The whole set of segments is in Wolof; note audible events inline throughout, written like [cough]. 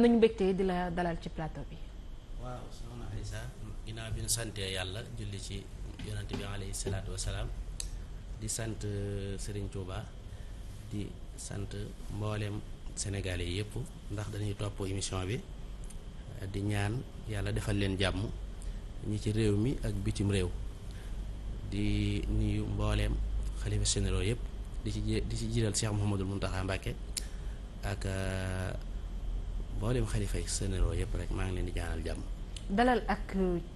nañu mbégte di la dalal ci plateau bi. waaw soxna Aïssa ginnaaw bi ñu santee yàlla julli ci yonante bi alayhi salaatu wasalaam di sant euh, Serigne Touba di sant mboolem Sénégalais yëpp ndax dañuy topp émission bi euh, di ñaan yàlla defal leen jàmm ñi ci réew mi ak bitim réew di nuyu mbooleem xalifa généraux yëpp di ci di ci jiital Cheikh Mouhamadul Mountakha ak. Euh, boo dem xalifa yi sénéro yëpp rek maa ngi leen di ñaanal jàmm dalal ak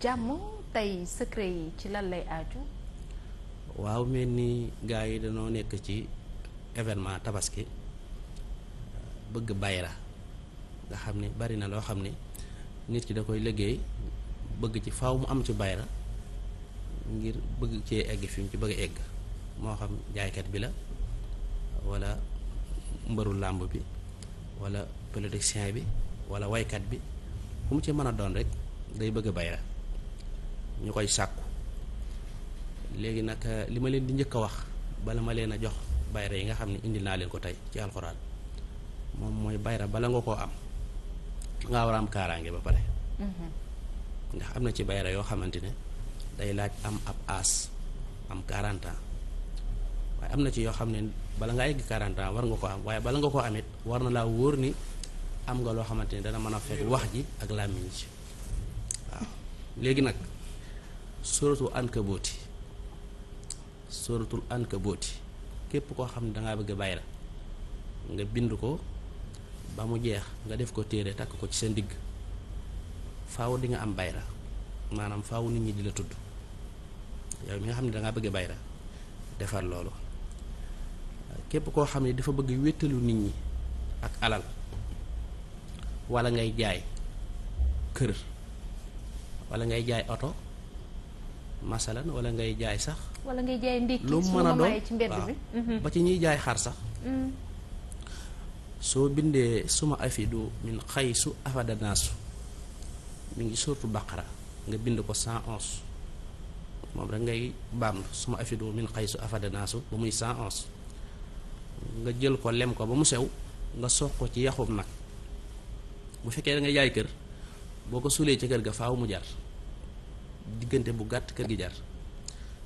jàmm tey secret yi ci lan lay aaju waaw mel ni gars yi dañoo nekk ci événement tabaski bëgg bayra nga xam ne bari na loo xam ne nit ki da koy liggéey bëgg ci faw mu am ci bayra ngir bëgg cee egg fi ci bëgg egg moo xam jaaykat bi la wala mbëru làmb bi wala politicien bi wala waykat bi ku mu ci mën a doon rek day bëgg a bay ñu koy sàkku léegi nag euh, li ma leen di njëkk a wax bala ma leen a jox bayra yi nga xam ne indi naa leen ko tey ci alxuraan moom mooy bayra bala nga koo am ngaa war a am kaaraange ba pare mhm. na ci bayra yoo xamante ne day laaj am ab aas waaye am na ci yoo xam ne bala ngaa egg 40 war nga ko am waaye bala nga ko amit war na laa wóor ni am nga loo xamante ni dana mën a fekk wax ji ak làmmiñ ji waaw léegi nag suratul ankabooti suratul ankabooti képp koo xam ne dangaa bëgg a bàyyi la nga bind ko ba mu jeex nga def ko téere takk ko ci seen ndigg faw di nga am bayra maanaam faaw nit ñi di la tudd yow mi nga xam ne dangaa bëgg bayra defar loolu képp koo xam ne dafa bëgg wéttalu nit ñi ak alal wala ngay jaay kër wala ngay jaay oto masalan wala ngay jaay sax. wala ngay jaay ndékki lu mën a doon ci mbedd bi mhm. ba ci ñuy jaay xar sax. Mm. soo bindee suma afidu min xaysu afada naasu mi ngi surtu baqara nga bind ko 111 moom rek ngay baam suma afidu mun xaysu afada naasu ba muy 111. nga jël ko lem ko ba mu sew nga sox ko ci yaxum nag bu fekkee da nga yaay kër boo ko suulee ci kër ga faaw mu jar diggante bu gàtt kër gi jar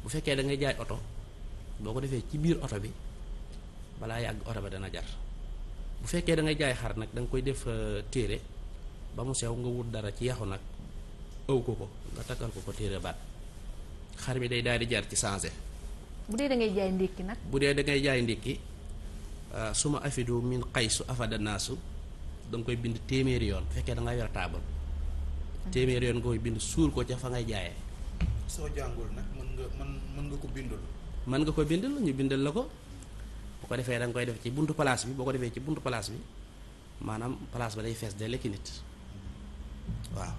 bu fekkee da ngay jaay oto boo ko defee ci biir oto bi balaa yàgg oto ba dana jar bu fekkee da ngay jaay xar nag danga koy def euh, téere ba mu sew nga wut dara ci yaxu nag ëw ko ko nga takkal ko ko téere baat xar bi day daal di jar ci changé. bu dee da ngay jaay ndékki nag. bu dee da jaay ndékki. su euh, suma afidu min xaysu afada naasu da nga koy bind téeméeri yoon bu fekkee da nga yor taabal téeméeri yoon nga koy bind suul ko ca fa ngay jaayee. soo jàngul nag mën nga mën mën nga ko bindul. mën nga ko bindal ñu bindal la ko bu ko defee da koy def ci buntu place bi boo ko defee ci buntu place bi maanaam place ba day fees day lekki nit waaw.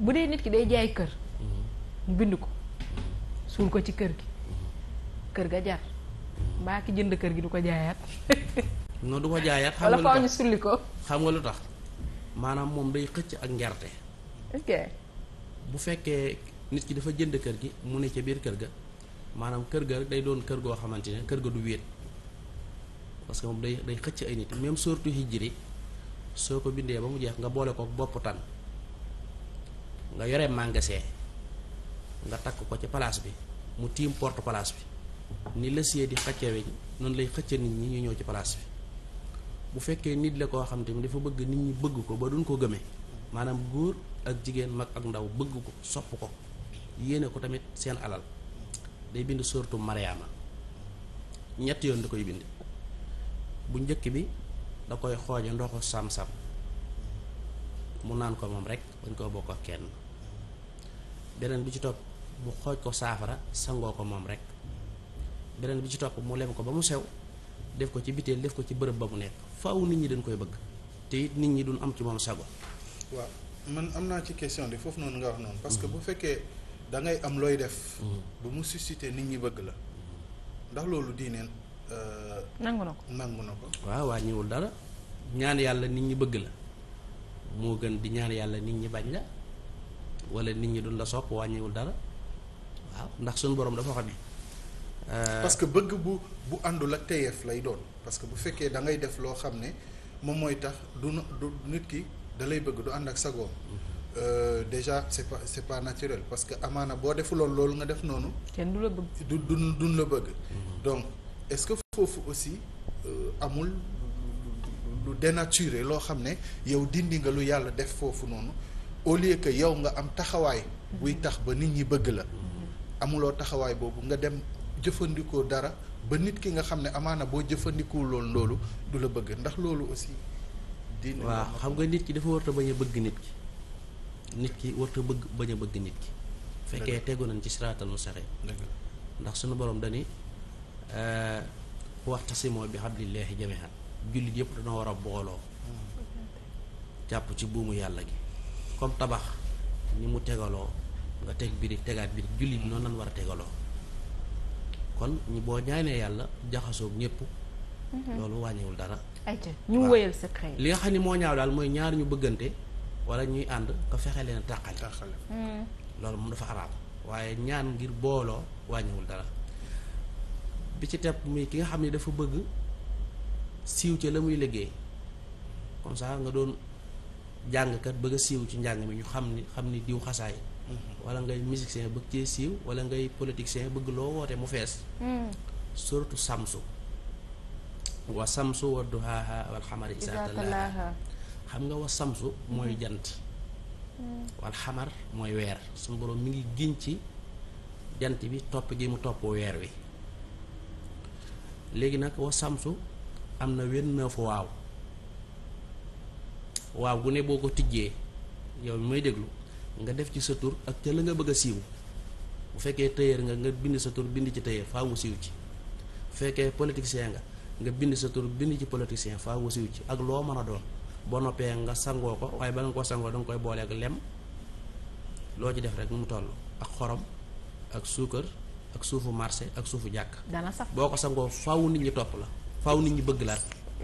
bu dee nit ki day jaay kër. Mhm. mu bind ko mhm. suul ko ci kër gi mhm. kër ga jar. mbaa ki jënd kër gi du ko jaayaat. [laughs] non du ko jaayaat. xam nga lu tax ko. xam nga lu tax maanaam moom day xëcc ak ngerte. bu fekkee nit ki dafa jënd kër gi mu ne ca biir kër ga maanaam kër ga day doon kër goo xamante ne kër ga du wéet parce que moom day xëcc ay nit même surtout hijri soo ko bindee ba mu jeex nga boole ko bopp tan nga yore magasin nga takk ko ci palaas bi mu tiim porte palaas bi. ni lësiye di xëccewe ji noonu lay xëcca nit ñi ñu ñëw ci place bi bu fekkee nit la koo xam te ni dafa bëgg nit ñi bëgg ko ba duñ ko gëmee maanaam góor ak jigéen mag ak ndaw bëgg ko sopp ko yéene ko tamit seen alal day bind surtout Mariama ñett yoon da koy bind bu njëkk bi da koy xooje ndoxu sam-sam mu naan ko moom rek bañ koo bokk ak kenn beneen bi ci topp mu xooj ko saafara sangoo ko moom rek beneen bi ci topp mu lem ko ba mu sew def ko ci biteel def ko ci bërëb ba mu nekk faw nit ñi dañ koy bëgg te it nit ñi duñ am ci moom sago. waaw man am naa ci question de foofu noonu nga wax noonu. parce que mm-hmm. bu fekkee da ngay am looy def. Mm-hmm. bu mu susciter nit ñi bëgg la ndax loolu diineen. Euh, nangu na ko nangu na ko. waaw waa ñëwul dara ñaan yàlla nit ñi bëgg la moo gën di ñaan yàlla nit ñi bañ la wala nit ñi duñ la sopp wàññiwul dara waaw ndax suñu borom dafa xam ne Euh, parce que bëgg bu bu àndul ak teyef lay doon parce que bu fekkee da ngay def loo xam ne moom mooy tax du du nit ki da lay bëgg du ànd ak sagoom mhm. euh, déjà c'est pas c'est pas naturel parce que amaana boo defuloon loolu nga def noonu. kenn du la bëgg du du la bëgg. Mhm. donc est-ce que foofu aussi euh, amul lu dénaturé loo xam ne yow dindi nga lu yàlla def foofu noonu au lieu que yow nga am taxawaay. buy mhm. tax ba nit ñi bëgg la. amuloo taxawaay boobu nga dem jëfandikoo dara ba nit ki nga xam ne amaana boo jëfandikoo loolu loolu du la bëgg ndax loolu aussi. dina waaw xam nga nit ki dafa warta bañ a bëgg nit ki nit ki warta bëgg bañ a bëgg nit ki. fekkee tegu nañ ci siraatal mustaqim ndax suñu borom dani waxtasimoo bi hablillahi jamii'an jullit yëpp dañoo war a booloo. jàpp ci buumu yàlla gi comme tabax ni mu tegaloo nga teg birig tegaat birig jullit noonu lañ war a tegaloo. kon boo ñaanee yàlla jaxasoog ñëpp. Mhm. loolu wàññiwul dara. ayca ñu wëyal secret li nga xam ne moo ñaaw daal mooy ñaari ñu bëggante wala ñuy ànd nga fexe leen tàqale. tàqale mhm. loolu moom dafa araam waaye ñaan ngir booloo wàññiwul dara bi ci tepp muy ki nga xam ne dafa bëgg siiw ca la muy liggéey comme nga doon jàngkat bëgg a siiw ci njàng mi ñu xam ni xam ni diw xasaay. wala ngay musicien bëgg cee siiw wala ngay politicien bëgg loo woote mu fees hmm. surtout samsu wa samsu wa duhaaha wal xamari xam nga wa samsu mooy hmm. jant hmm. wal xamar mooy weer suñu boroom mi ngi giñ ci jant bi topp gi mu topp weer wi léegi nag wa samsu am na wenn-neuf waaw waaw gu ne boo ko tijjee yow mi may déglu nga def ci sa tur ak ca la nga bëgg a siiw bu fekkee tailleur nga nga bind sa tur bind ci tailleur faw mu siiw ci bu fekkee politicien nga nga bind sa tur bind ci politicien faa mu siiw ci ak loo mën a doon boo noppee nga sangoo ko waaye ba nga ko sangoo danga nga koy booleeg lem loo ci def rek mu toll ak xorom ak suukar ak suufu marché ak suufu jàkk boo ko sangoo faw nit ñi topp la faw nit ñi bëgg la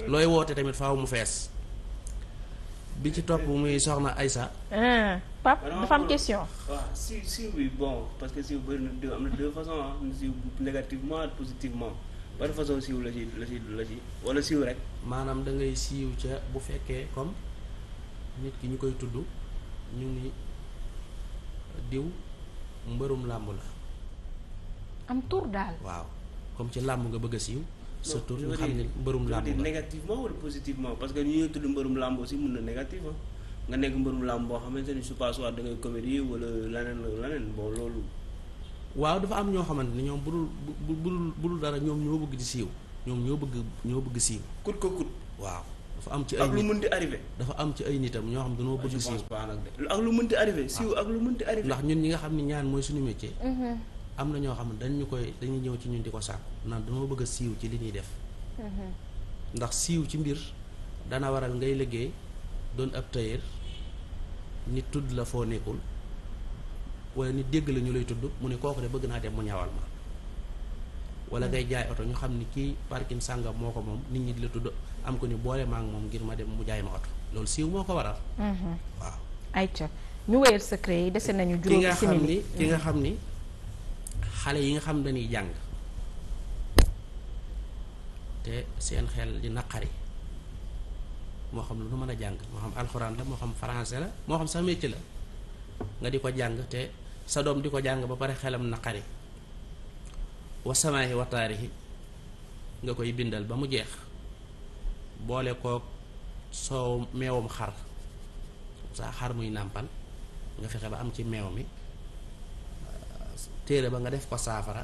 looy woote tamit faaw mu fees bi ci topp muy soxna Aïssa. Pape dafa am question. waaw si bi bon parce que si bëri na am na deux façons ah si négativement ak positivement ban façon siiw la si la du la ci wala siiw rek. maanaam da ngay siiw ca bu fekkee comme nit ki ñu koy tudd ñu ni diw mbërum làmb la. am tur daal. waaw comme ci làmb nga bëgg a siiw. surtout ñu xam ne mbërum làmb la que ñu ñuy tudd mbërum làmb aussi mun na négatif nga nekk mbërum làmb boo xamante ni su passe da ngay comédie wala leneen leneen bon loolu. waaw dafa am ñoo xamante ni ñoom budul bu budul bu dara ñoom ñoo bëgg di siiw ñoom ñoo bëgg ñoo bëgg siiw. kut ko kut. waaw dafa am ci ay. ak lu mënti arrivé. dafa am ci ay nitam ñoo xam dañoo bëgg siiw. ak lu mënti arrivé siiw ak lu mënti arrivé. ndax ñun ñi nga xam ne ñaan mooy suñu métier. Mm-hmm. am na ñoo xam ne dañu koy dañuy ñëw ci ñun di ko sàkku naan dañoo bëgg a siiw ci li ñuy def. Mm-hmm. ndax siiw ci mbir dana waral ngay liggéey doon ab tailleur nit tudd la foo nekkul wala nit dégg lañu lay tudd mu ne kooku de bëgg naa dem mu ñawal ma. wala mm-hmm. ngay jaay oto ñu xam ni kii parking sàngam moo ko moom nit ñi di la tudd am ko ni boole maa ngi moom ngir ma dem mu jaay ma oto loolu siiw moo ko waral. Mm-hmm. waaw. ayca ñu wéyal secret yi dese nañu juróomi simili nga xam n xale yi nga xam dañuy jàng te seen xel di naqari moo xam lu nu mën a jàng moo xam alxuraan la moo xam français la moo xam sax métier la nga di ko jàng te sa doom di ko jàng ba pare xelam naqari wasamaahi wa taarixi nga koy bindal ba mu jeex boole kook soow meewum xar saa xar muy nàmpal nga fexe ba am ci meew mi téere ba nga def ko saafara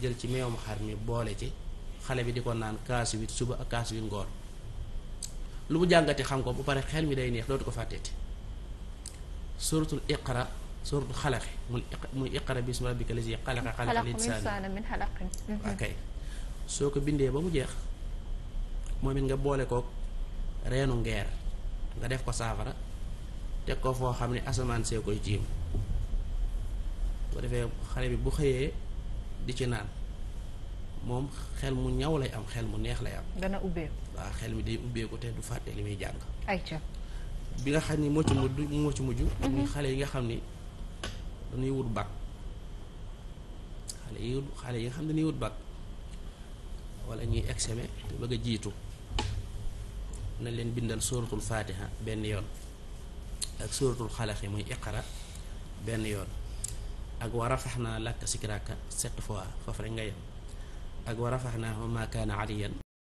jël ci meewum xar mi boole ci xale bi di ko naan kaas wi suba ak kaas wi ngoon lu mu jàngati xam ko bu pare xel mi day neex dootu ko fàtteeti suratul iqra suratul xalaqi muy muy iqra bismi rabbika lazi xalaqa xalaqa linsaana min soo ko bindee ba mu jeex moom it nga boole kook reenu ngeer nga def ko saafara te ko foo xam ne asamaan see koy jiim bu defee xale bi bu xëyee di ci naan moom xel mu ñaw lay am xel mu neex lay am. dana ubbeeku. waaw xel mi day ubbeeku te du fàtte li muy jàng. ayca. bi nga xam ni moo ci mujj moo ci mujj. Mhm. muy xale yi nga xam ni dañuy wut bac. xale yi xale yi nga xam ne dañuy wut bag wala ñuy examen te bëgg a jiitu na leen bindal sóoratul faatiha benn yoon ak sóoratul xalaxi muy iqara benn yoon. ak wa rafaxnaa laka sikraka sept fois foofu rek nga yem ak wa rafaxnaa ma kaana aliyan